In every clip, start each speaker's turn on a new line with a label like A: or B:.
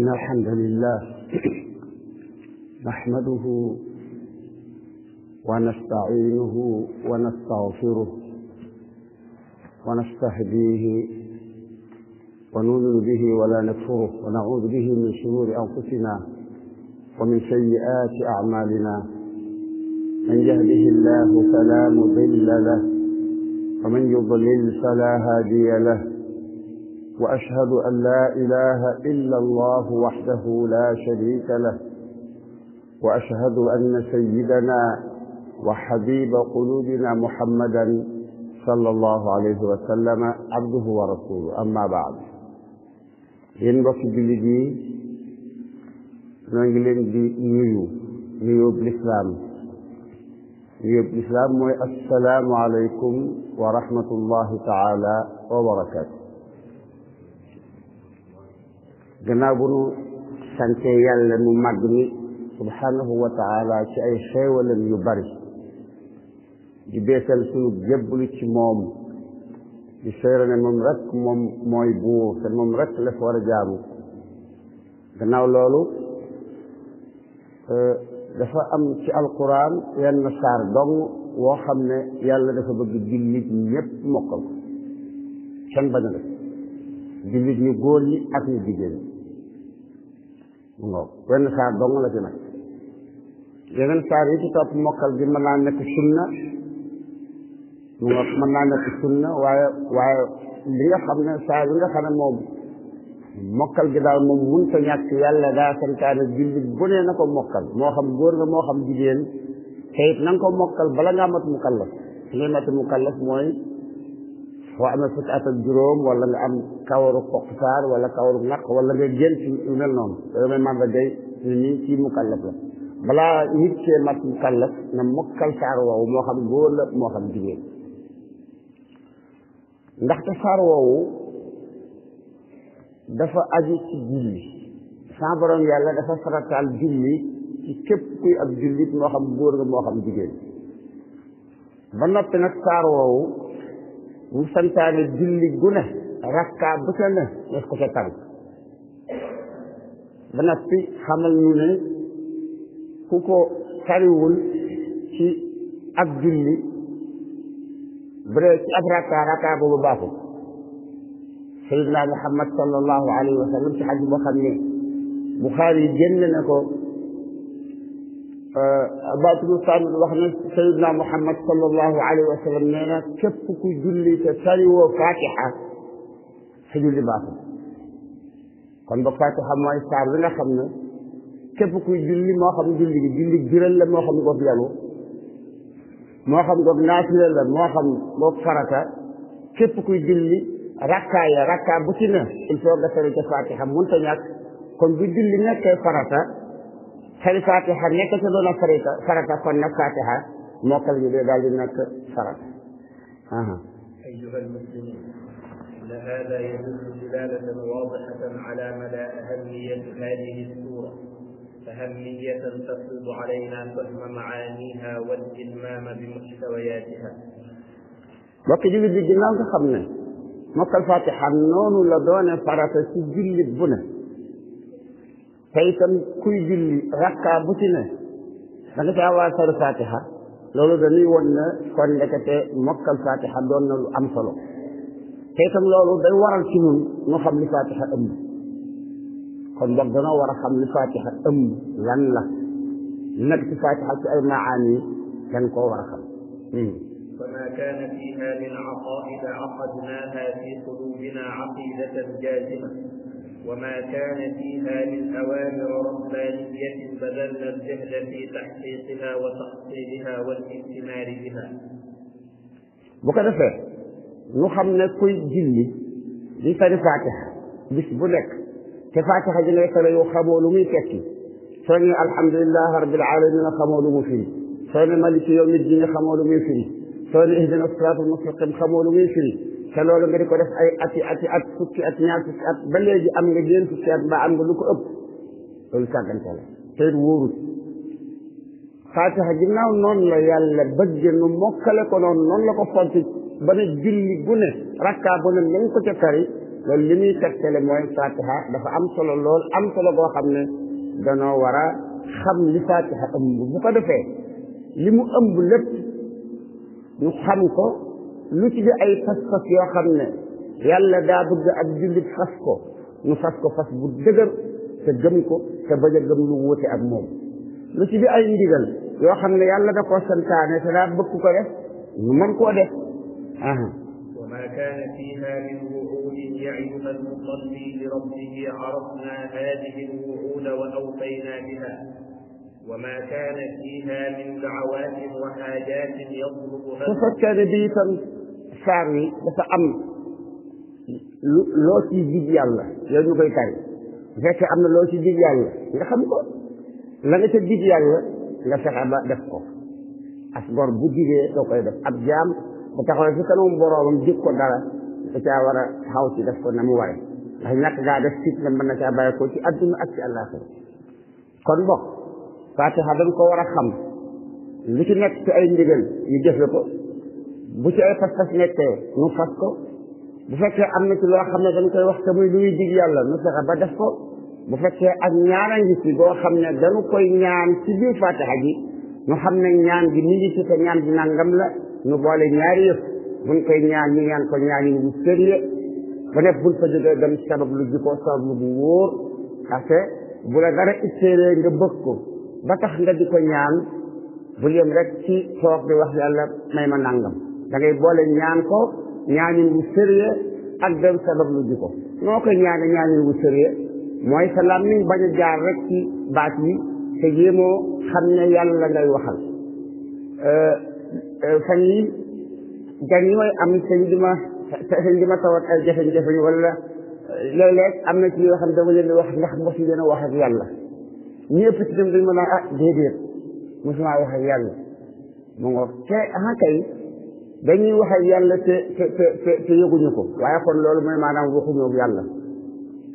A: إن الحمد لله نحمده ونستعينه ونستغفره ونستهديه ونؤمن به ولا نكفره ونعوذ به من شرور أنفسنا ومن سيئات أعمالنا من يهده الله فلا مضل له ومن يضلل فلا هادي له وأشهد أن لا إله إلا الله وحده لا شريك له وأشهد أن سيدنا وحبيب قلوبنا محمدا صلى الله عليه وسلم عبده ورسوله أما بعد إن بفضلني نجلن نيو نيو بالإسلام نيو بالإسلام السلام عليكم ورحمة الله تعالى وبركاته gannaaw bu nu sante yàlla nu màgg mi subhanahu wa taala ci ay xéewalam yu bari di beesal sunu jébbalu ci moom di seere ne moom rek mooy buur te moom rek la war a jaamu gannaaw loolu e, dafa am ci alquran yenn saar dong woo xam ne yàlla dafa bëgg jullit ñépp mokkal ko kenn bañ a def jullit ñu ak ñu jigéen ngoog wenn saar dong la ci nag yeneen saar yi topp mokkal bi mën naa nekk sunna mu nga mën naa nekk sunna waaye waaye li nga xam ne saar yi nga xam ne moom mokkal gi daal moom mun ta ñàkk yàlla daa santaane jullit bu nee na ko mokkal moo xam góor moo xam jigéen te it na nga ko mokkal bala ngaa mat mukallaf li mat mukallaf mooy boo amee fukki at ak juróom wala nga am kawaru poqsaar wala kawaru naq wala nga génn ci lu mel noonu loolu mooy màndargay ñu ni ci mukallaf la balaa nit cee mat mukallaf na mukkal saar woowu moo xam góor la moo xam jigéen ndaxte saar woowu dafa aju ci julli sans borom yàlla dafa farataal julli ci képp kuy ab jullit moo xam góor nga moo xam jigéen ba noppi nag saar woowu mu santaane julli gu ne bu sa ne des ko ca ba noppi xamal nu ku ko sariwul ci ab julli bu dee ab rakkaa rakkaa boobu baaxul sayidna muhammad sallallahu alayhi boo xam buxaari génn na ko Ababacar euh, Saamit wax na Sayyidna Muhammad sallallahu alayhi wa sallam nee na ku julli te tariwoo Fatiha sa julli baaxul kon ba Fatiha mooy saar bi nga xam ne képp ku julli moo xam julli julli jural moo xam goog yalu moo xam goog naafila moo xam goog farata képp ku julli rakkaa rakkaa bu il faut nga ca Fatiha mënta ñàkk kon bu julli nekkee farata. فالفاتحة نكتب نصريتا سرطة فالنفاتحة موقع الجديد دال دينك سرطة آه.
B: أيها المسلمين إن هذا يدل دلالة واضحة على مدى أهمية هذه السورة أهمية تفرض علينا فهم معانيها والإلمام بمحتوياتها
A: وقت جيد الجنان تخبنا موقع الفاتحة نون لدون فرطة سجل البنى te itam kuy julli rakka bu ci ne da nga caa waasaru fatiha loolu dañuy won na kon ndekete mokkal fatiha doon na lu am solo te itam loolu day waral ci ñun ñu xam li fatiha ëmb kon boog danoo war a xam li fatiha ëmb lan la nekk ci fatiha ci ay maani dañ koo war a xam
B: فما كان فيها من عقائد عقدناها في قلوبنا عقيدة جازمة وما كان فيها من اوامر ربانيه بذلنا الذهن في تحقيقها وتحصيلها والاستمار بها.
A: بكرة نخم نكوي جلي لسان فاتحة بش بلك كفاتحة جنية سنة يخمو لمي كتي سنة الحمد لله رب العالمين خمو لمي فيه سنة ملك يوم الدين خمو لمي فيه سنة اهدنا الصلاة المستقيم خمو لمي فيه te loolu nga di ko def ay ati ati at fukki at ñaar fukki at ba léegi am nga génn fukki at mbaa am nga lu ko ëpp loolu sàggante la te it wóorut faatiha ginnaaw noonu la yàlla bëgg nu mokkale ko noonu noonu la ko fonti ba ne julli bu ne rakkaa bu ne nañ ko ca tari loolu li muy tegtale mooy faatiha dafa am solo lool am solo boo xam ne danoo war a xam li faatiha ëmb bu ko defee li mu ëmb lépp ñu xam ko lu ci di ay fas-fas yoo xam ne yàlla daa bëgg ab jullit fas ko nu fas ko fas bu dëgër te gëm ko te bañ a gëm lu wuute ak moom lu ci di ay ndigal yoo xam ne yàlla da koo santaane te daa bëgg ko def ñu mën koo def
B: وما كان فيها من وعود يا أيها المصلي لربه عرفنا هذه الوعود وأوفينا بها وما كان فيها من دعوات وحاجات يطلبها
A: ففكر بي saar wi dafa am lu loo ci dig yàlla yow ñu koy tari bu fekkee am na loo ci dig yàlla nga xam ko la nga ba def ko as gor bu digee doo koy def ab jaam bu taxawee fi kanamu boroomam dig ko dara da caa war a xaw ci def ko na mu waree ndax ñàkk gaa def sit na mën na caa bàyyi ci adduna ak ci àllaaxira kon bokk Faatiha dañ ko war a xam lu ci nekk ci ay ndigal ñu jëfe ko bu ci ay fas-fas nekkee nu fas ko bu fekkee am na ci loo xam ne dañ koy wax te muy luy dig yàlla nu fexe ba def ko bu fekkee ak ñaara ngi ci boo xam ne dañu koy ñaan ci biir fatiha xam ne ñaan gi mi ngi ci bi nangam la nu boole ñaari yëpp buñ koy ñaan ñu ñaan ko ñaan yi bu sérieux ba nekk buñ fa jógee dem sabab lu jikoo sabab bu wóor parce que bu la dara itteelee nga bëgg ko ba tax nga di ko ñaan bu yem rek ci toog bi wax yàlla may ma nangam da ngay boole ñaan ko ñaanin wu sérieux ak dem sabab lu ji ko noo koy ñaane ñaanin wu sérieux mooy sa làmmiñ bañ jaar rek ci baat yi te jéemoo xam ne yàlla ngay waxal euh, euh, fan yi jan yooyu am sañ di ma sañ di ma tawat ay jafe-jafe wala euh, léeg-léeg am na ci yoo xam dama wax ndax mos leen a wax ak yàlla ñëpp ci dem dañ ma ah déedéet mosumaa wax ak yàlla mu ngoog te ah kay dañuy wax ak yàlla te te ko waaye kon loolu mooy maanaam waxuñu yàlla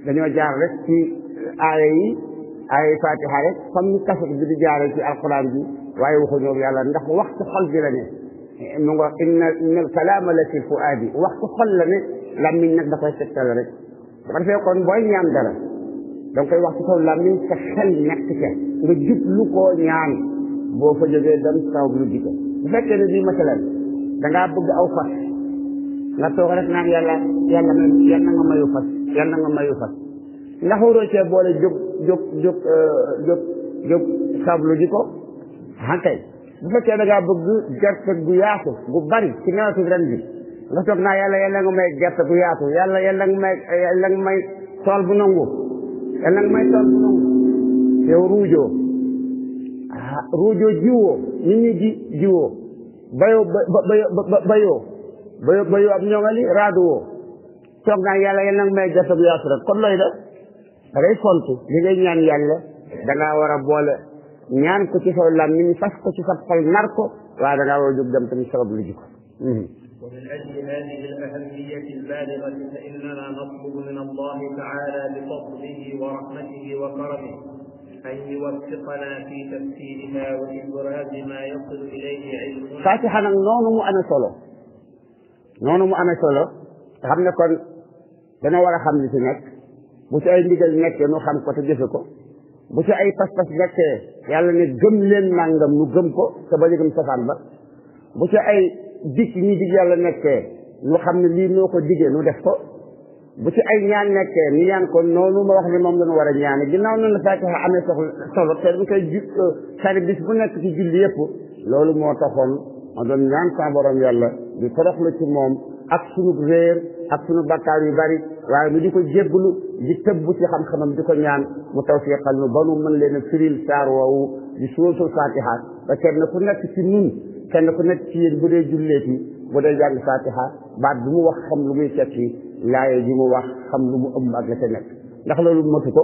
A: dañoo jaar rek ci eh, aaya yi aaya fatiha rek comme ni kaset bi di jaaree ci alquran bi waaye waxuñu yàlla ndax wax ci xol bi la ne eh, mu nga fuaadi wax ci xol la ne làmmiñ nag da koy tegtal rek bu ko defee kon booy ñaan dara da koy wax ci kaw làmmiñ sa xel nekk ca nga jublu koo ñaan boo fa jógee dem saw lu ji ko bu fekkee ne dangaa bëgg aw fas nga toog rek naan yàlla yàlla may nga mayu fas yàlla nga mayu fas ndax waroo boole jóg jóg jóg euh, jóg jóg sablu ji ko hankay ah, bu fekkee dangaa bëgg gerte gu yaatu gu bari ci nawetu ren nga toog naa yàlla yàlla nga may gerte gu yaatu yàlla yàlla nga may tool bu nangu yàlla nga may tool bu nangu yow ruujoo ah, ruujoo jiwoo nit ñi ji jiwoo bayoo ba bayoo bayoo bayoo ab ñoŋali raadu woo toog naa yàlla yal nag may gasab yaasu rek kon looy def da ngay fontu li ngay ñaan yàlla dangaa war a boole ñaan ko ci saw làmmiñ fas ko ci sa xol nar ko waaye dangaa war a jóg dem tamit sabab lu ji ko
B: ومن أجل هذه الأهمية البالغة فإننا نطلب من الله تعالى بفضله ورحمته وكرمه أن يوفقنا في تفسيرها وإبراز ما يصل إليه علمنا فاتحة
A: nag noonu mu amee solo noonu mu amee solo xam ne kon dana war a xam li ci nekk bu ci ay ndigal nekkee nu xam ko te jëfe ko bu ci ay pas-pas nekkee yàlla ne gëm leen nangam nu gëm ko te bañ a safaan ba bu ci ay dig ñi dig yàlla nekkee nu xam ne lii noo ko digee nu def ko bu ci ay ñaan nekkee ñu ñaan ko noonu ma wax ne moom la ñu war a ñaan ginnaaw noonu Faatiha amee soxla solo te bu koy ju sari euh, bis bu nekk ci julli yëpp loolu moo taxoon ma doon ñaan sa borom yàlla di toroxlu ci moom ak sunu réer ak sunu bakkaar yu bari waaye mu di ko jébbalu di bu ci xam-xamam di ko ñaan mu tawfiqal nu ba nu mën leen a firil saar woowu di suuratul Faatiha ba kenn ku nekk ci ñun kenn ku nekk ci yéen bu dee julleeti bu dee lu muy tekki laaye ji mu wax xam lu mu ëmb ak la ca nekk ndax loolu matu ko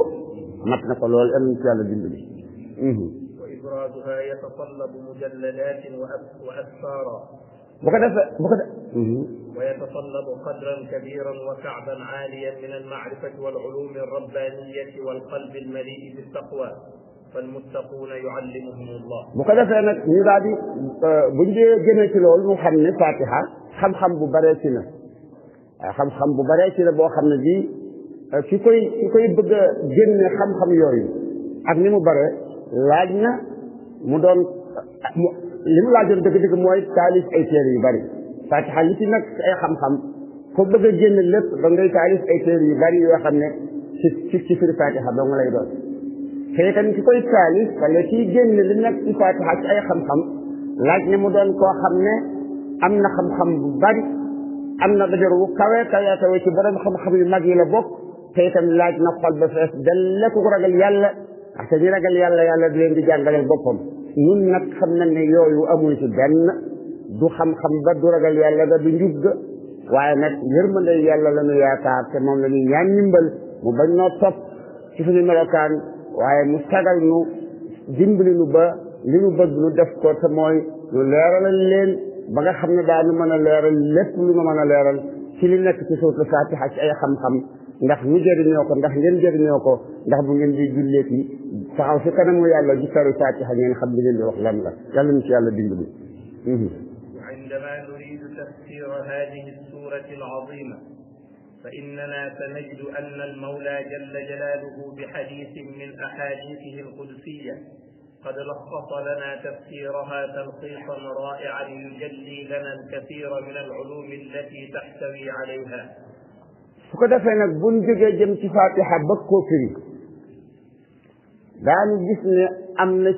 A: mat na ko lool am ci yàlla
B: وإبرازها يتطلب مجلدات وأسفارا ويتطلب قدرا كبيرا وكعبا عاليا من المعرفة والعلوم الربانية والقلب المليء بالتقوى فالمتقون يعلمهم الله
A: وكذا فانا ني دادي بو سي لول مو خامني فاتحه خام خام بو بري xam-xam bu baree ci la boo xam ne bii euh, ki koy ki koy bëgg a génne xam-xam yooyu ak ni mu bare laaj na mu doon li mu laajoon dëgg-dëgg mooy taalif ay téere yu bari Faatixa li ci nag ay xam-xam ko bëgg a génne lépp ngay taalif ay téere yu bari yoo xam ne ci ci ci firi Faatixa lay doon te kan koy taalif wala kiy génne li nag ci Faatixa ci ay xam-xam laaj mu doon ko xam ne am na xam-xam bu bari am na dajor wu kawe kawe kawe ci borom xam-xam yu mag yi la bokk te itam laaj na xol ba fees delle ku ragal yàlla ndaxte ñi ragal yàlla yàlla di leen di jàngaleel boppam ñun nag xam nañ ne yooyu amul ci benn du xam-xam ba du ragal yàlla ga du njub ga waaye nag yërmande yàlla la ñu yaakaar te moom la ñuy ñaan ndimbal mu bañ noo topp ci suñu melokaan waaye mu sagal nu dimbali nu ba li nu bëgg nu def ko te mooy ñu leen ba nga xam ne daanu mën a leeral lépp lu ma mën a leeral ci li nekk ci suutu fatiha ci ay xam-xam ndax ñu jëriñoo ko ndax ngeen jëriñoo ko ndax bu ngeen di julleeti taxaw si kanamu yàlla di taru fatiha ngeen xam li ngeen di wax lan la yàlla ñu ci yàlla dimbali
B: عندما نريد تفسير هذه السورة العظيمة فإننا سنجد أن المولى جل جلاله بحديث من أحاديثه القدسية قد لخص لنا تفسيرها تلخيصا رائعا يجلي لنا الكثير من العلوم التي تحتوي عليها
A: فقد دافا بندق بون جوجي جيم سي فاتحه بكو فري داني غيسنا امنا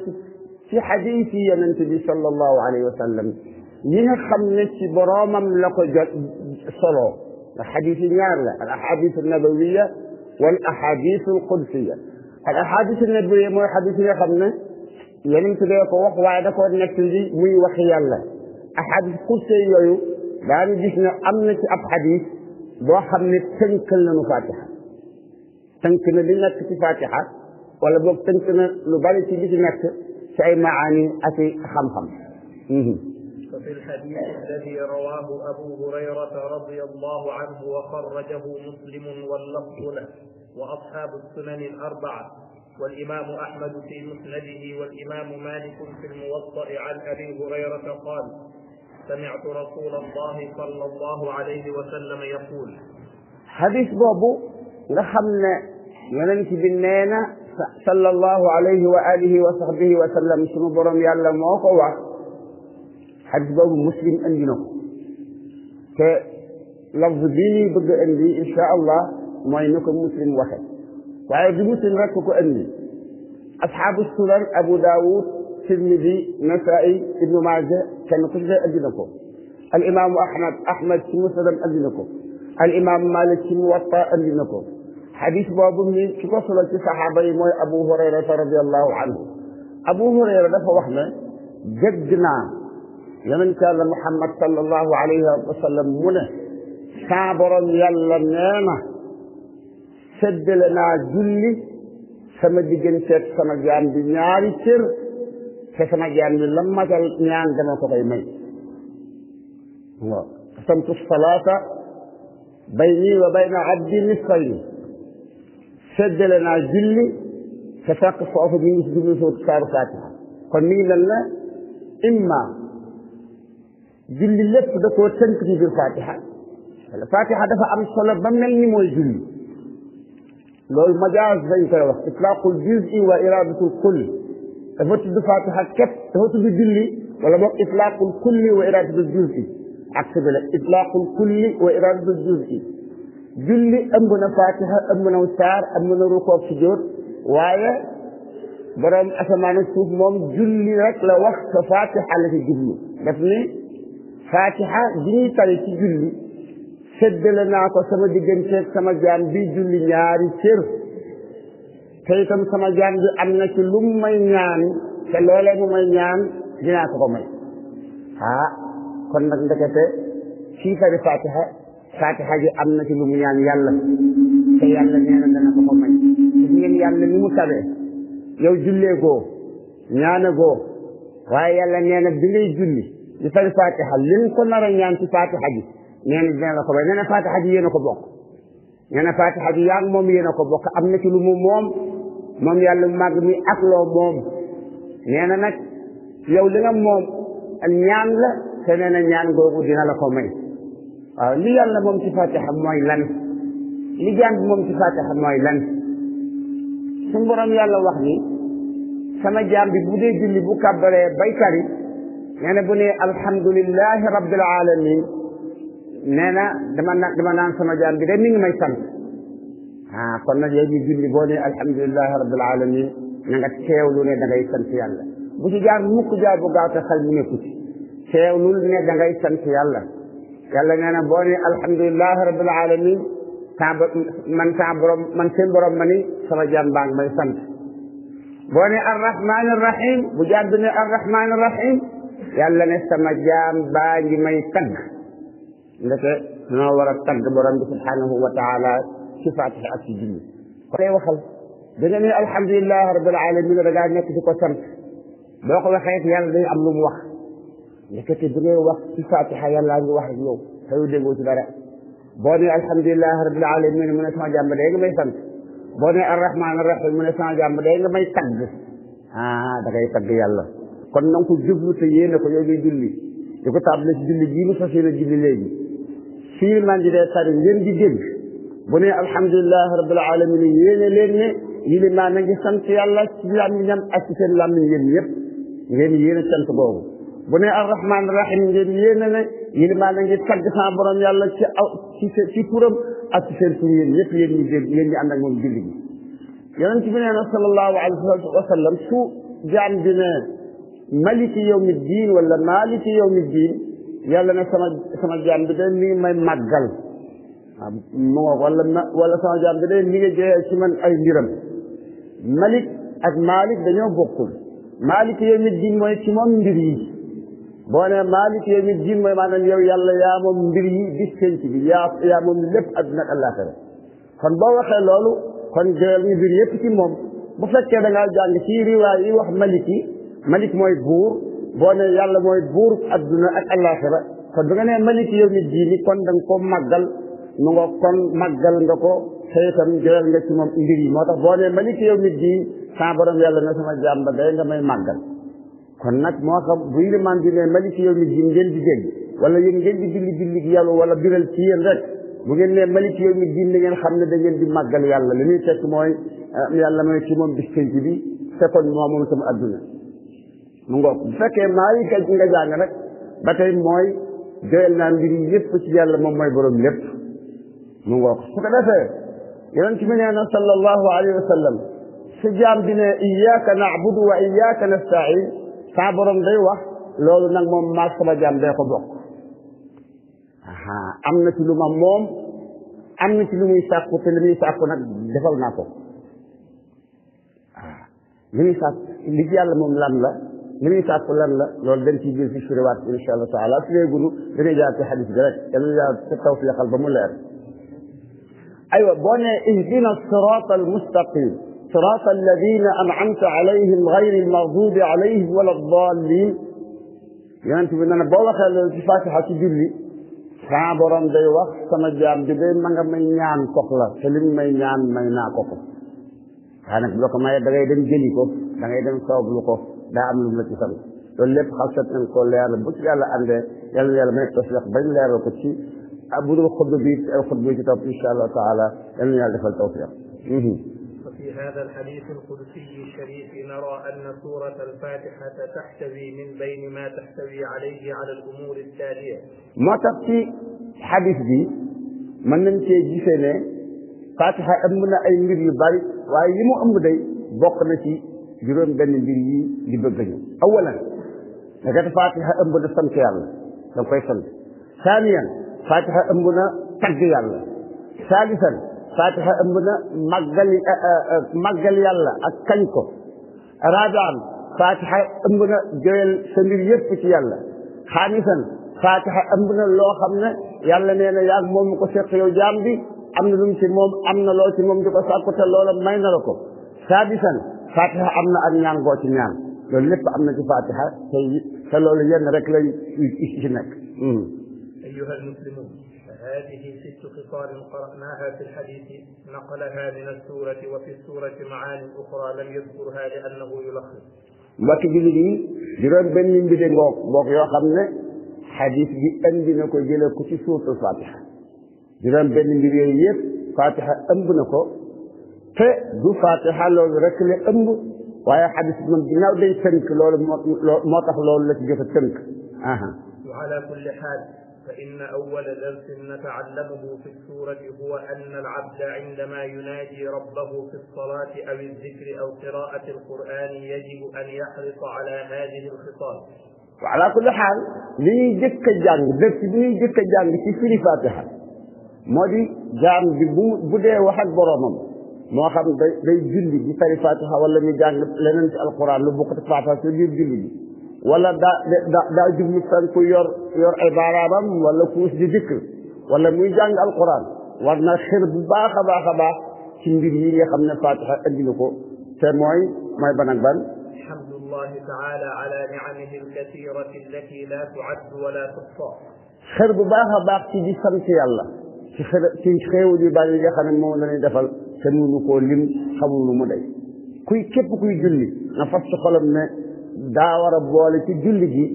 A: سي حديث ينتج صلى الله عليه وسلم من خامن سي بروامم لاكو صلو الحديث النار لا الاحاديث النبويه والاحاديث القدسيه الاحاديث النبويه مو حديث يخمنه yeneen tuddee ko wax waaye da koo nekk li muy wax yàlla ahadis kurse yooyu daanu gis ne am na ci ab xadis boo xam ne tënkal nañu fatiha tënk na li nekk ci fatiha wala boog tënk na lu bari ci li ci nekk ci ay maani ak i xam-xam
B: ففي الحديث الذي رواه أبو هريرة رضي الله عنه وخرجه مسلم واللفظ له وأصحاب السنن الأربعة والإمام أحمد في مسنده والإمام مالك في الموطأ عن أبي هريرة قال سمعت رسول الله صلى الله عليه وسلم يقول
A: حديث بابو رحمنا يننك بالنانا صلى الله عليه وآله وصحبه وسلم شنو برم يلا موقع حديث بابو مسلم أنجنه te lafz بقى ñuy إن شاء الله ما ينكم مسلم واحد waaye bi muslim rek ko andi asxaabu sunan abu daawud tirmidi nasai ibnu maaja kenn ku ci ne andi na ko al imaamu ahmad ahmad ci musnadam andi na ko al imaamu malik ci muwatta andi na ko xadis boobu mi ki ko solo ci saxaaba yi mooy abu hurayrata radiallahu anhu abu hurayra dafa wax ne dégg naa yonent yàlla muhammad sallallahu alayhi wa sallam mu ne saa borom yàlla nee na سدل لنا جلي سما ديجن سير سما جان دي نياري سير كسما جان دي لما جال نيان دما كوي مي الله سمت الصلاة بيني وبين عبد مثلي سد لنا جلي كساق الصوف من يسجل صوت كار فاتحة قلني لنا إما جلي لك دكو تنكري في الفاتحة الفاتحة دفع أم صلاة بمن نمو جلي لو مجاز زي كده وقت إطلاق الجزء وإرادة الكل فوت دفعت حكت فوت بجلي ولا بق إطلاق الكل وإرادة الجزء عكس بلا إطلاق الكل وإرادة الجزء جلي أمنا فاتحة أمنا وسار أمنا ركوب سجود وايا برام أسمان السوف موم جلي رك لوقت فاتحة لك جلي دفني فاتحة جلي تلك جلي séddale naa ko sama digganteeg sama jaan bi julli ñaari cër te itam sama jaam bi am na ci lu may ñaan te loolee mu may ñaan dinaa ko ko may ah kon nag ndekete ci fari fatiha ji am na ci lu mu ñaan yàlla te yàlla nee na dana may gis ngeen yàlla goo ñaana goo waaye yàlla nee na bi ngay julli yi fari fatiha li ko nar ñaan ci fatiha ji nee na dina la ko bay nee na fatiha a ko bokk nee na fatiha ji moom yéen ko bokk am na ci lu mu moom moom yàlla màgg mi ak loo moom nee na nag yow li nga ñaan la te nee na ñaan googu dina la ko li yàlla moom ci fatiha mooy lan li jaan bi moom ci fatiha mooy lan suñu borom yàlla wax ni sama jaam bi bu dee julli bu kàbbaree bay tari bu nee alhamdulillahi rabbil nee na dama na naan sama jaam bi de mi may sant ah kon nag yow ñu julli boo ne alhamdulilahi rabbil alamin na nga teewlu ne da ngay sant yàlla bu ci jaar mukk jaar bu gaaw te xel mu nekku ci ne da ngay sant yàlla yàlla nee na boo ne alhamdulilahi rabbil alamin saa man saa borom man borom ma ni sama jaam baa ngi may sant boo ne arrahman arrahim bu jaar bi ne arrahman arrahim ne sama jaam baa may tagg ndeke danoo war a tagg borom bi subhanahu wa taala ci fatiha ak ci julli ko lay waxal da nga ne alamin da ngaa nekk ko sant boo ko waxee it yàlla am lu mu wax ndekete bi ngay wax ci fatiha yàlla ngi wax ak yow te yow déggoo ci dara boo ne alhamdulilah alamin mu ne sama jàmm day nga may sant boo ne arrahman arrahim a ne sama jàmm day nga may tagg ah tagg yàlla kon na nga ko jublu ko yow ngay julli di ko tàmbale ci julli jii mu fii maa ngi dee sari ngeen di dégg bu ne alhamdulilah rabbil alamin yéene leen ne yilimaan a ngi sant yàlla ci làmmiñam ak ci seen làmmiñ yéen yépp ngeen yéene sant boobu bu ne arrahman rahim ngeen yéene ne yilimaan a ngi tagg sa borom yàlla ci aw ci ci turam ak ci seen tur yéen yépp yéen ñi dégg yéen ñi ànd ak moom julli gi yonent bi nee na sallallahu alayhi wa sallam su jaam bi ne maliki yawmi diin wala maliki yawmi diin yàlla ne sama sama jaam bi de mi ngi may màggal ah, waaw sama jaam bi de mi ci man ay mbiram malik ak malik dañoo bokkul malik yawmi diin mooy ci moom mbir yi boo ne malik yawmi diin mooy maanaam yow yàlla yaa moom mbir yi bis yaa moom lépp àdduna ak àllaaxira kon boo waxee loolu kon jëlal ñu mbir yépp ci moom bu fekkee da jàng ci riwaay yi wax malik malik mooy buur boo ne yàlla mooy buur adduna ak àllaaxira kon bi nga nee maliki yow nit diini kon da koo ko màggal mu nga kon màggal nga ko te itam joyal nga ci moom mbir yi moo tax boo ne maliki yow nit diini yàlla na sama jàmba day nga may màggal kon nag moo xam bu ilimaan bi ne maliki yow nit diini ngeen di dégg wala yéen ngeen di julli julli yàlla wala biral ci yéen rek bu ngeen ne maliki yow nit diini da xam ne da ngeen di màggal yàlla li muy tekk mooy ah, yàlla mooy ci moom bis penc bi te moo moom sama adduna mu ngoog bu fekkee maa yi nga jàng nag ba tey mooy doyal naa mbir yépp ci yàlla moom mooy boroom lépp mu ngoog su ko defee yonent bi nee na sallallahu alayhi wa sallam su jaam bi ne iyyaka na'budu wa iyyaka nasta'in saa borom day wax loolu nag moom maag sama jaam day ko bokk aha am na ci lu ma moom am na ci lu muy sàkku te li muy sàkku nag defal naa ko waaw muy sàkku li yàlla moom lan la ni muy sàkk lan la loolu dañ ci jël fi suriwaat insha allah taala su dee gudd dañuy jaar ci xadis bi rek dañuy jaar ci taw fi xal ba mu leer أيوة بني اهدنا الصراط المستقيم صراط الذين أنعمت عليهم غير المغضوب عليهم ولا الضالين يعني أنا بوقع الفاتحة تجلي كان برام دي وقت سما جام دي بي مانغا مينيان كوكلا سلم مينيان مينا كوكلا كانك بلوك ما يدغي دن جلي كوك دن جلي كوك daa am lu la ci sant loolu lépp xalsat nañ ko leeral bu ci yàlla àndee yàlla yàlla may tawfiq bañ leeral ko ci bu dul xutba bi xutba bi ci topp insha allah taala yàlla yàlla defal tawfiq
B: وفي هذا الحديث القدسي الشريف نرى أن سورة الفاتحة تحتوي من بين ما تحتوي عليه على الأمور التالية
A: ما تبكي حديث بي من نمشي جيسي فاتحة أمنا أي مير يبالي وأي يمو أمو day bokk na ci juróom بن mbir yi أولا نجد فاتحة أمبنا dagat fatiha ëmb na ثانيا فاتحة أمبنا تقي يلا ثالثا فاتحة أمبنا مجل مجل يلا أكنكو رابعا فاتحة أمبنا جويل سمير يفتك يلا خامسا فاتحة أمبنا لو خمنا يلا نينا ياك موم كو يو جامدي أمنا لوم سي موم أمنا لو سي موم دي كو ساكو تلولا ماينا لكو سادسا فاتحه امنا ان نانغو سي نان لول امنا سي فاتحه سي سا لول يين رك لا ايش ايها
B: المسلمون هذه ست خصال قراناها في الحديث نقلها من السوره وفي السوره معاني اخرى لم يذكرها لانه يلخص
A: mbakk julli yi di doon benn mbir a ngoog ngoog yoo xam ne xadis bi indi na ko jëlee ko ci suurtu te du fatiha loolu rek la ëmb waaye xadis moom ginnaaw day tënk loolu moo tax loolu la ci jot a tënk
B: وعلى كل حال فإن أول درس نتعلمه في السورة هو أن العبد عندما ينادي ربه في الصلاة أو الذكر أو قراءة القرآن يجب أن يحرص على هذه الخصال
A: وعلى كل حال لي جك جانج درس لي جك جانج في سورة فاتحة مودي جان بودي واحد برامم moo xam day day julli di fari fatiha wala ñu jàng leneen ci alquran lu bokk ci fatiha ci biir julli bi wala daa daa daa jublu fan ku yor yor ay baaraamam wala kuus di dikk wala muy jàng alquran war na xir bu baax a baax a baax ci mbir yi nga xam ne fatiha andi na ko te mooy mooy ban ak ban
B: الحمد لله تعالى على نعمه الكثيرة التي لا تعد ولا تحصى
A: خير بباها باقي دي سمت يالله في خير في خير دي بالي خانم مو لني دفل te mënu koo lim xamul nu mu day kuy képp kuy julli na fas ci xolam ne daa war a boole ci julli gi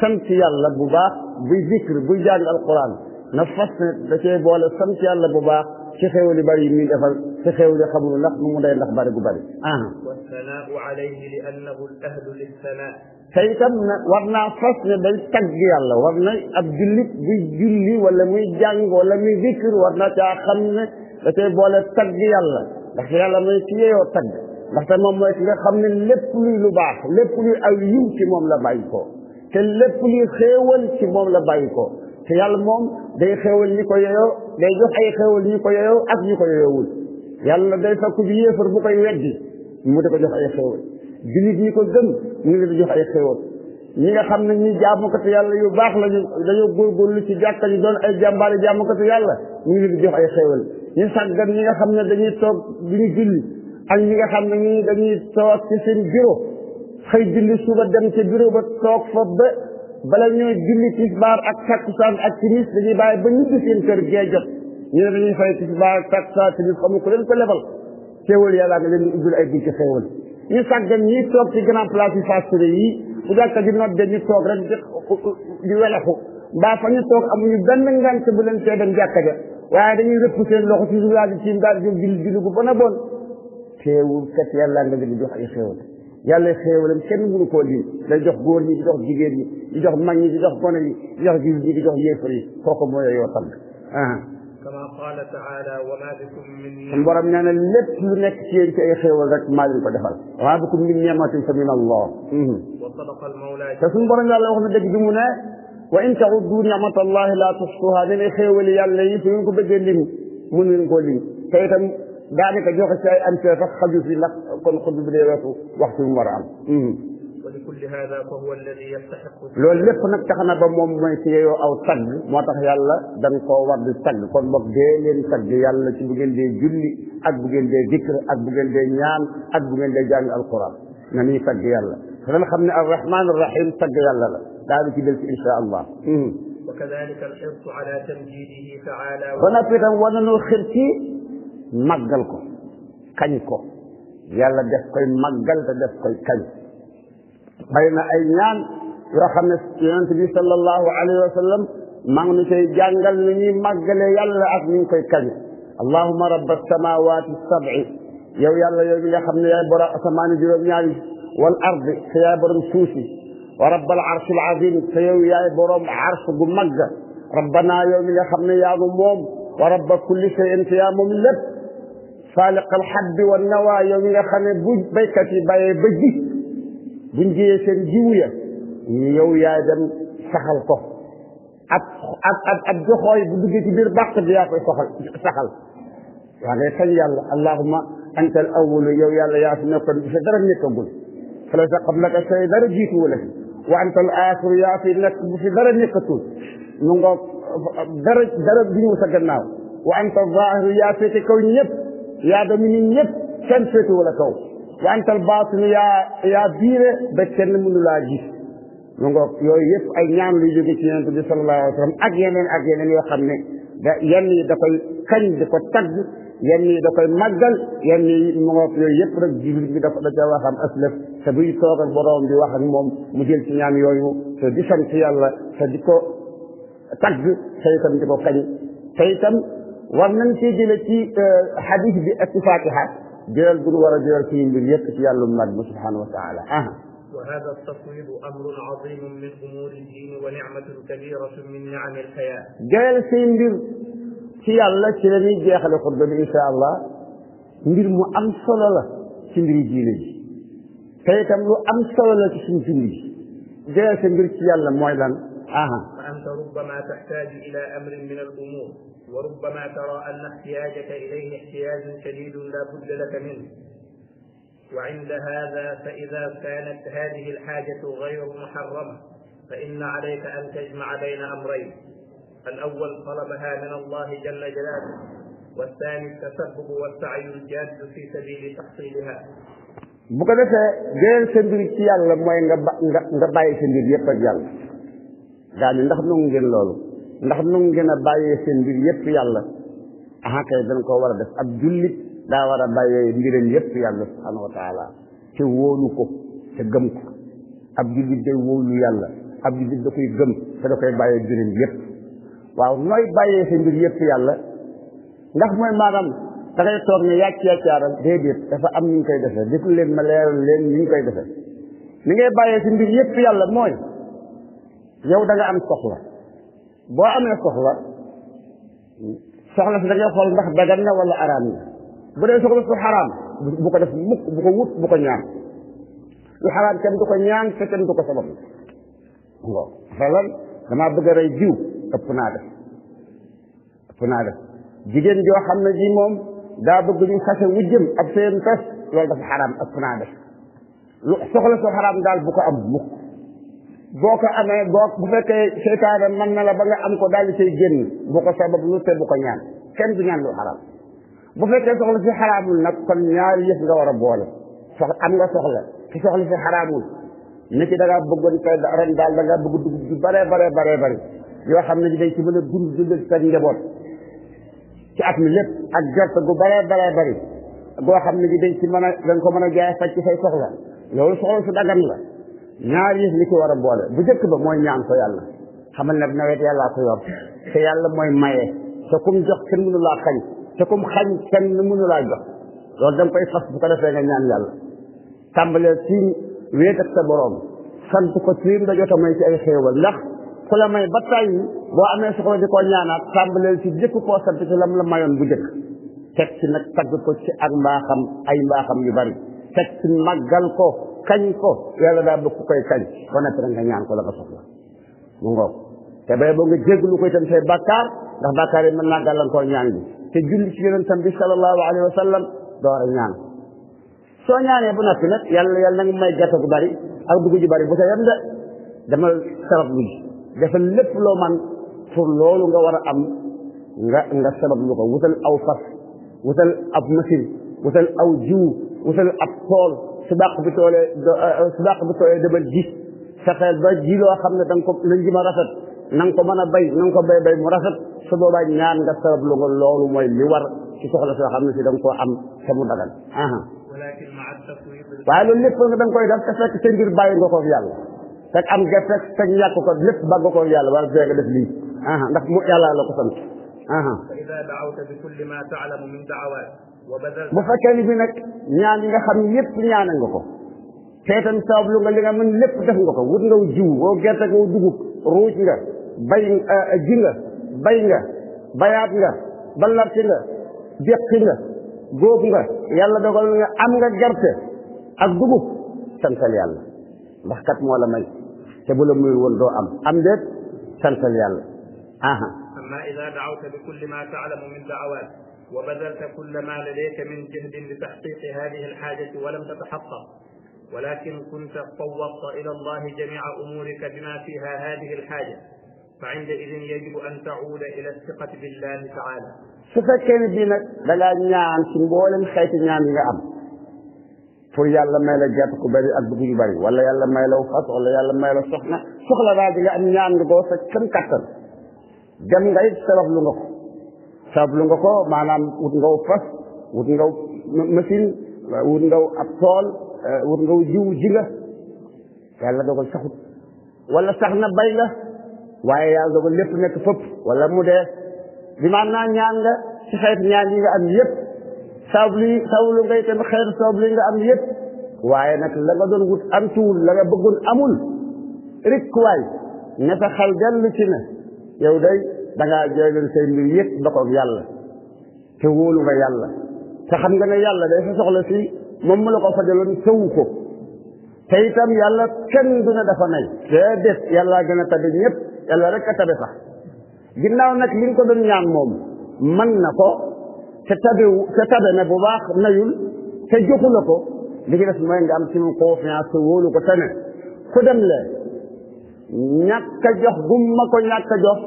A: sant yàlla bu baax buy zikr buy jàng alquran na fas ne da cee boole sant yàlla bu baax ci xew li bari mi defal ci xew li xamul ndax nu mu day ndax bari gu bari ah
B: wasanaa alayhi li annahu al ahlu lil sanaa
A: tey itam ne war naa fas ne day tagg yàlla war na ab jullit buy julli wala muy jàng wala muy zikr war na caa xam ne da cay boole tagg yàlla ndaxte yàlla mooy ki yeyoo tagg ndaxte moom mooy ki nga xam ne lépp luy lu baax lépp luy aw yiw ci moom la bàyyi ko te lépp luy xéewal ci moom la bàyyi ko te yàlla moom day xéewal ñi ko yeyoo day jox ay xéewal ñi ko yeyoo ak ñi ko yeyoowul yàlla day fekk bi yéefar bu koy weddi mu di ko jox ay xéewal jullit ñi ko gëm mu ngi di jox ay xéewal ñi nga xam ne ñi jaamukatu yàlla yu baax lañu dañoo góorgóorlu ci jàkka ñu doon ay jàmbaari jaamukatu yàlla mu ngi di jox ay xéewal ñu sàggan ñi nga xam ne dañuy toog duñu julli ak ñi nga xam ne ñi dañuy toog ci seen bureau xëy julli suba dem ca bureau ba toog fa ba bala ñoo julli tisbaar ak takkusaan ak timis dañuy bàyyi ba ñibbi seen kër gee jot ñu ne dañuy fay tisbaar takkusaan timis xamul ku leen ko lebal xéewal yàlla nga leen di ubbil ay bunti xéewal ñu sàggan ñi toog ci grand place yi fasturé yi bu jàkka di nodde ñu toog rek di di welaxu mbaa fa ñu toog amuñu benn ngànt bu leen tee dem jàkka ja waaye dañuy rëpp seen loxo ci suuf di tiim daal di jëm julli julli bu bon a bon teewul kat yàlla nga di jox ay xéewal yàlla xéewalam kenn mënu koo lim day jox góor ñi di jox jigéen ñi di jox mag ñi di jox gone yi di jox jiw ñi di kooku mooy yoo tànn ah.
B: suñu borom
A: nee na lépp lu nekk ci yéen ci ay xéewal rek maa leen ko defal. wa maa bikum min ni'matin fa min Allah. te suñu borom yàlla wax na dëgg wa in ta'uddu ni'matallahi la tuhsuha dana xéewali yàlla yi su ngeen ko bëggee lim mun ngeen koo lim te itam daanaka joxe ci ay answer sax xaju fi ndax kon xutba bi dee weesu waxtu mu war a am
B: loolu lépp nag tax
A: na ba moom mooy ci yeyoo aw tagg moo tax yàlla dañ koo war di tagg kon boog dee leen tagg yàlla ci bu ngeen dee julli ak bu ngeen dee dikr ak bu ñaan ak bu ngeen dee jàng alquran na ñuy tagg yàlla dana xam ne arrahman arrahim tagg yàlla la لا درس إن شاء الله
B: وكذلك الحرص على تمجيده
A: تعالى ونفي وننو في مغلقو كنكو يلا دف كوي مغل دف كن بين أيام رحم النبي صلى الله عليه وسلم مغني كي جانجل من مغل يلا اك ني كن اللهم رب السماوات السبع يو يلا يو يا يا برا اسمان جوم والارض يا سوسي ورب العرش العظيم سيوي يا بروم عرش بمجة ربنا يوم يخبنا يا ضموم ورب كل شيء انت يا مملك فالق الحب والنوى يوم يخبنا بيكتي بي بجي بنجي يسن جوية يو يا دم سخلطه أب أب أب جخوي بدجي كبير بقى بياكل سخل سخل يعني سيا اللهم أنت الأول يو يا الله يا سنة كن فدرني فلا تقبلك سيدر جيت ولكن وانت الاخر يا اخي انك في دار نقتو نغو دار دار بيو سغناو وانت الظاهر يا سيتي كو نيب يا دمي نين نيب كان سيتي ولا كو وانت الباطن يا يا دير بكن من لا جيس نغو يوي ييب اي نيان نعم لي جوغي سي نانت صلى الله عليه وسلم اك يينن اك يينن يو خامني دا يين دا فاي كان دا تاد yenn yi da koy màggal yenn yi mu ngoog yooyu yëpp rek jullit bi dafa da ca am aslaf te buy toog ak borom bi wax ak moom mu jël ci ñaan yooyu te di sant yàlla te di ko tagg te itam di ko kañ te itam war nañ ci jële ci hadith bi ak fatiha jëlal bu ñu war a jëlal suñu mbir yëpp ci yàlla mag mu subhanahu wa taala ah
B: وهذا التصويب امر عظيم من امور الدين ونعمه كبيره من نعم الحياه.
A: قال سيندر ci yàlla ci la ñuy jeexale xutba bi insha allah ngir mu am solo la ci mbiri diine ji te itam lu am solo la ci suñu dund ji dee mbir ci yàlla mooy lan aha
B: وأنت ربما تحتاج إلى أمر من الأمور وربما ترى أن احتياجك إليه احتياج شديد لا بد لك منه وعند هذا فإذا كانت هذه الحاجة غير محرمة فإن عليك أن تجمع بين أمرين فالأول طلبها من الله جل جلاله والثاني التسبب والسعي الجاد في سبيل تحصيلها
A: bu ko defee gënal sa mbir ci yàlla mooy nga ba nga nga bàyyi sa mbir yépp ak yàlla daal ni ndax nangu ngeen loolu ndax yàlla dañ ko war a def ab jullit daa war a bàyyee mbiram yépp yàlla subhanahu wa taala wóolu ko te gëm ko ab jullit day wóolu yàlla ab jullit da koy gëm te da koy bàyyee mbiram yépp waaw nooy bàyyee sa mbir yëpp yàlla ndax mooy maanaam da ngay toog ne yàcc yàccaaral déedéet dafa am ñu koy koy defee déglu leen ma leeral leen ñu koy defee ni ngay bàyyee sa mbir yëpp yàlla mooy yow da nga am soxla boo amee soxla soxla si da ngay xool ndax dagan na wala araam na bu dee soxla su xaraam bu ko def mukk bu ko wut bu ko ñaan lu xaraam kenn du ko ñaan te kenn du ko sabab. waaw damaa bëgg a rey jiw ëpp naa def ëpp naa def jigéen joo xam ne ji moom daa bëgg ñu fase wujjëm ab seen tas loolu dafa xaraam ëpp naa def soxla su xaraam daal bu ko am mukk boo ko amee boo bu fekkee seytaane man na la ba nga am ko daal di say génn ko sabab lu te bu ko ñaan kenn du ñaan lu xaraam bu fekkee soxla si xaraamul nag kon ñaari yëf nga war a boole sox am nga soxla si soxla si xaraamul nit ki da ngaa bëggoon te ren daal da ngaa bëgg dugub ju bare bare bare bare yoo xam ne dañ ci mën a dund dundal seen njaboot ci at mi lépp ak gerte gu bare bare bari goo xam ne dañ ci mën a dañ ko mën a jaay faj ci say soxla loolu soxla su dagan la ñaar yi li ci war a boole bu njëkk ba mooy ñaan ko yàlla xamal ne nawet yàllaa ko yor te yàlla mooy maye te kum jox kenn mënu laa xañ te kum xañ kenn mënu laa jox loolu da koy fas bu ko defee nga yàlla tàmbalee ci sa boroom sant ko ci la jot a may ci ay xéewal ndax ku la may ba tay bo amé soxla diko ko ñaanaat tàmbaleel ci jëk ko sant ci lam la mayon bu jëk tek ci nak tag ko ci ak mbaaxam ay mbaaxam yu bari tek ci magal ko kañ ko yalla da bu ku koy kañ ba nekk nga ñaan ko la ko soxla mu ngok té bay bo nga lu koy tan say bakkar ndax bàkkaar yi mën galan ko ñaan gi té julli ci tan bi sallallahu alayhi wa sallam door a ñaan so ñaané bu nak nak yalla yalla nga may gerte gu bari ak dugub ju bari bu sa yam da dama sarap lu ji defal lépp loo man pour loolu nga war a am nga nga sabab lu ko wutal aw fas wutal ab machine wutal aw jiwu wutal ab tool su bàq bi toolee su bàq bi toolee demal ji fexeel ba ji loo xam ne da ko lañ ji ma rafet na ko mën a bay na ko bay bay mu rafet su boobaa ñaan nga sabab lu nga loolu mooy li war ci soxla soo xam ne si da nga koo am te mu dagan waaye loolu lépp nga da koy def te fekk sa mbir bàyyi nga ko yàlla te am gerte te ñàkk ko lépp ba nga ko yàlla war nga def lii ndax mu yàlla la ko sant
B: bu fekkee ni bi nag
A: ñaan yi nga xam ne yépp ñaana nga ko teetam saablu nga li nga mën lépp def nga ko wut nga jiw woo gerte woo dugub ruuj nga bay ji nga bay nga bayaat nga ballarti nga déqi nga góob nga yàlla dogal nga am nga gerte ak dugub santal yàlla ndax kat moo la may te bu la muy woon doo am am déet santal yàlla aha
B: amma ida daawta bi kulli ma taalamu min daawat wa badalta kulla ma ladayka min jahdin li taxqiqi hadihi alxaajati wa lam tataxaqaq ولكن كنت فوضت إلى الله جميع أمورك بما فيها هذه الحاجة فعندئذ يجب أن تعود إلى الثقة بالله تعالى.
A: شوف كان دينك بلا نعم سمبولا خيت نعم يا أب. pour yàlla may la gerte ku bari ak dugub yu bari wala yàlla may la fas wala yàlla may la soxna soxla daal di nga am ñaan nga ko sa këm kattan dem nga it sabab lu nga ko sabab lu nga ko maanaam wut ngaw fas wut ngaw machine wut ngaw ab tool eh, wut ngaw jiw ji yàlla dogal saxut wala sax na bay la waaye yàlla dogal lépp nekk fëpp wala mu dee bi maanaam ñaan nga ci xeet ñaan yi nga am yépp sabli sawlu ngay tam xeer sabli nga am yëpp waaye nag la nga doon wut am tuwul la nga bëggoon amul rek waay ne sa xel dellu ci ne yow day da ngaa jooyloon say mbir yàlla te wóolu nga yàlla te xam nga ne yàlla day sa soxla si moom mu la ko fajaloon sëwu ko te itam yàlla kenn du ne dafa nay te def yàllaa gën a tabe ñëpp yàlla rek a tabe sax ginnaaw nag li nga ko doon ñaan moom mën na ko te tabe te tabe na bu baax nayul te joxu ko li ci des mooy nga am ci moom confiance te wóolu ko tane ku dem la ñàkk a jox gum ma ko ñàkk a jox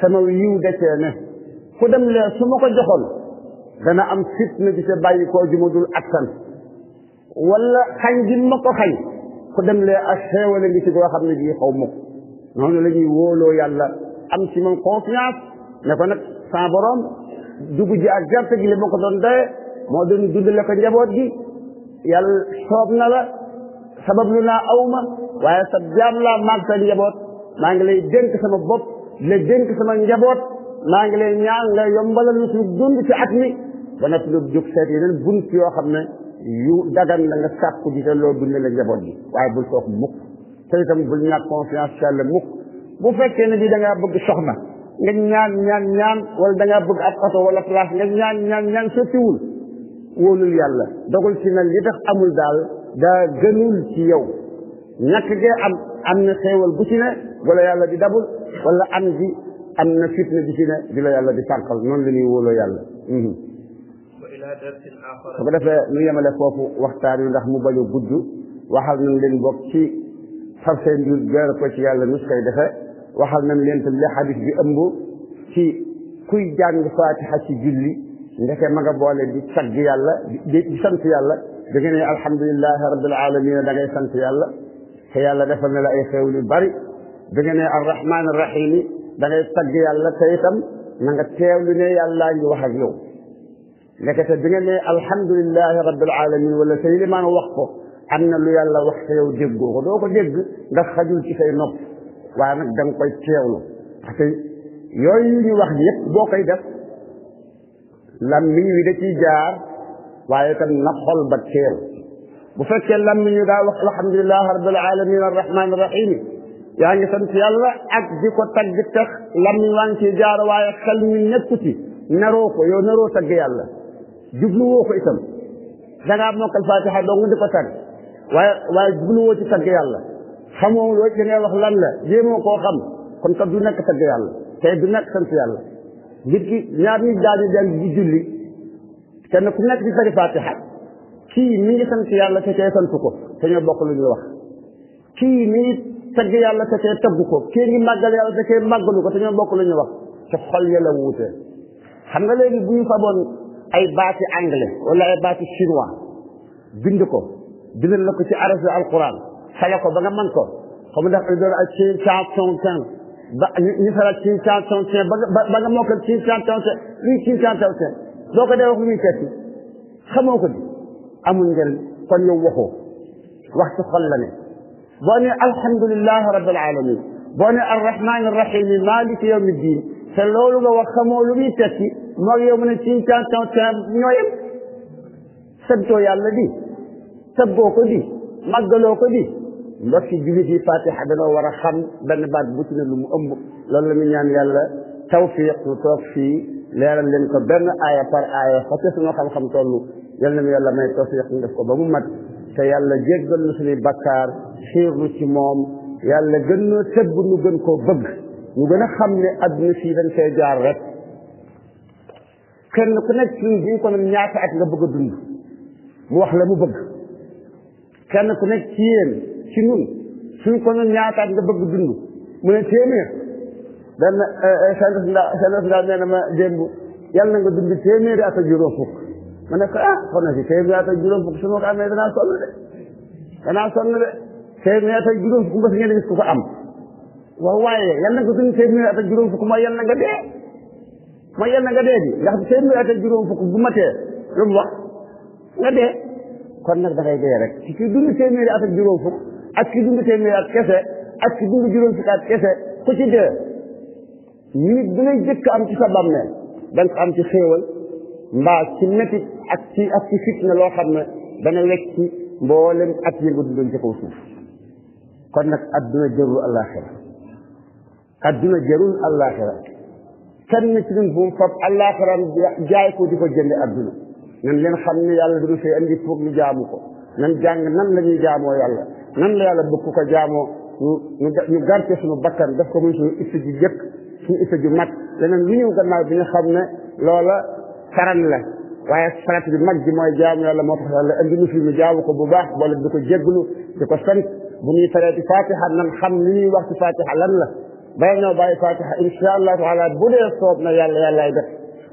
A: sama yiw decee ne ku dem la su ma ko joxoon dana am fitna bi te bàyyi koo ju ma dul attan wala xañ gi ma ko xañ ku dem la ak xeewale ngi ci goo xam ne bii xaw ma noonu la ñuy wóoloo yàlla am ci moom confiance ne ko nag sans dugub ji ak gerte gi li ma ko doon doye moo doon dundale ko njaboot gi yàlla soob na la sabab lu naa aw waaye sa jaam laa maag sa njaboot maa ngi lay dénk sama bopp la dénk njaboot maa ngi lay ñaan nga yombalal lu suñu dund ci at mi ba nga fi jóg seet yeneen bunt yoo xam ne yu dagan la nga sàkku di te loo dundale njaboot gi waaye bu soog mukk te itam bul ñàkk confiance ci yàlla mukk bu fekkee ne di da bëgg soxna nga ñaan ñaan ñaan wala da ngaa bëgg ab oto wala place nga ñaan ñaan ñaan sottiwul wóolul yàlla dogal ci na li amul daal daa gënul ci yow ñàkk gee am am na xéewal bu ci ne wala yàlla di dabul wala am gi am na fitna bi ci ne di yàlla di tànqal noonu la ñuy wóoloo yàlla mhm.
C: su ko
A: defee nu yemale foofu waxtaan wi ndax mu bañ a gudd waxal nañ leen bokk ci farse mbir jaar ko ci yàlla nus koy defe waxal nañ leen tam li xadis bi ëmb ci kuy jàng fatiha ci julli ndeke ma nga boole di sagg yàlla di sant yàlla da nga ne alhamdulilahi rabbil da ngay sant yàlla te yàlla defal na la ay xéewal yu bari da nga ne arrahman arrahim yi da ngay sagg yàlla te itam na nga teewlu ne yàllaa ngi wax ak yow ndekete bi nga ne alhamdulilahi rabbil alamin wala say limaan wax ko am na lu yàlla wax te yow déggoo ko doo ko dégg ndax xajul ci say nopp waaye nag da nga koy teewlu parce que yooyu ñu wax yépp boo koy def làmmiñ wi da ciy jaar waaye itam na xol ba teew bu fekkee làmmiñ wi daa wax alhamdulilah rabbil alamin arrahman arrahim yaa ngi sant yàlla ak di ko tagg tax làmmiñ waa ngi ciy jaar waaye xel mi nekku ci naroo ko yow naroo tagg yàlla jubluwoo ko itam da ngaa mokkal fatiha dong di ko tagg waaye waaye jubluwoo ci tagg yàlla xamoo loo ci ngay wax lan la jéemoo koo xam kon kat du nekk tëgg yàlla tey du nekk sant yàlla nit ki ñaar nit daal di jàng di julli kenn ku nekk di fari fatiha kii mi ngi sant yàlla te kee sant ko te bokk lu ñuy wax kii mi yàlla te kee ko kii ngi màggal yàlla te kee màggalu ko te ñoo bokk lu wax te xol ya la xam nga leen bu ñu faboon ay baati anglais wala ay baati chinois bind ko bindal la ko ci arafu alquran xëy ko ba nga mën ko xam nga dafa doon ak cinq cent soixante ba nga ba nga mokkal cinq cent dee wax muy tekki xamoo ko kon yow waxoo wax ci xol la ne boo ne alhamdulilah rabbil alamin boo ne loolu nga wax xamoo lu muy tekki moo yow mu ne cinq cent soixante ñoo di sabboo di mbokki jullit yi fatiha danoo war a xam benn baat bu lu mu ëmb loolu la ñaan yàlla tawfiq nu toog fii leeral leen ko benn aaya par aaya fa ca suñu xam-xam toll yal yàlla may tawfiq ñu def ko ba mu mat te yàlla jéggal nu suñuy bakkaar xiir nu ci moom yàlla gën noo tëbb nu gën koo bëgg ñu gën a xam ne adduna fii dañ koy jaar rek kenn ku nekk suñu bi ñu ñaata at bëgg a dund mu wax la mu bëgg kenn ku nekk ci yéen ci ñun suñ ko ñun ñaataat nga bëgg dund mu ne téeméer dan Sanders Ndaa Sanders na ma démb yàlla na nga dund téeméeri juróom fukk ma ne ko ah xanaa si téeméeri at ak juróom fukk ma ko amee danaa sonn de danaa sonn de téeméeri at ak juróom ko am waaw waaye yàlla na nga dund na nga dee mooy yàlla na dee bi ndax téeméeri at ak juróom fukk bu matee lu mu nga dee kon nag da ngay dee rek ci dund téeméeri juróom fukk ak ki dund téeméer ak kese ak ki dund juróom fukk ak kese ku ci dee nit bi lay jëkk am ci sa bàmmeel da am ci xéewal mbaa ci métit ak ci ak ci fitna loo xam ne dana wecc ci mboolem at yi nga dundoon suuf kon nag adduna jarul àllaaxira adduna jarul àllaaxira kenn ci ñun bu mu fab àllaaxiram jaay ko di ko jënde adduna nan leen xam ne yàlla dina fee andi pour ñu jaamu ko nan jàng nan la ñuy jaamoo yàlla nan la yàlla bëgg ko jaamoo ñu ñu garte suñu bakkan def ko muy suñu itti ju jëkk suñu itti ju mag leneen lu ñëw gannaaw bi ñu xam ne loola saran la waaye sarat bi mag ji mooy jaamu yàlla moo tax yàlla indi nu fi ñu jaamu ko bu baax boole di ko jégglu di ko sant bu ñuy sareeti fatiha nan xam li ñuy wax ci fatiha lan la bay ñoo bàyyi fatiha insha allah taala bu dee soob na yàlla yàllaay def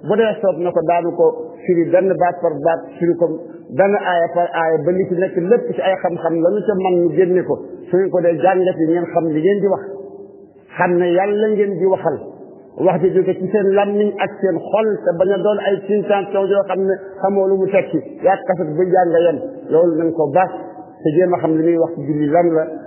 A: bu dee soob na ko daanu ko firi benn baat par baat firi ko dana aaya par aaya ba li ci nekk lépp ci ay xam-xam lañu ca man ñu génne ko suñu ko dee jàngat yi ngeen xam li ngeen di wax xam ne yàlla ngeen di waxal wax di jóge ci seen làmmiñ ak seen xol te bañ a doon ay intention yoo xam ne xamoo lu mu tekki yaa kaset bu jàng yem loolu nañ ko baax te jéem a xam li muy wax ci julli lan la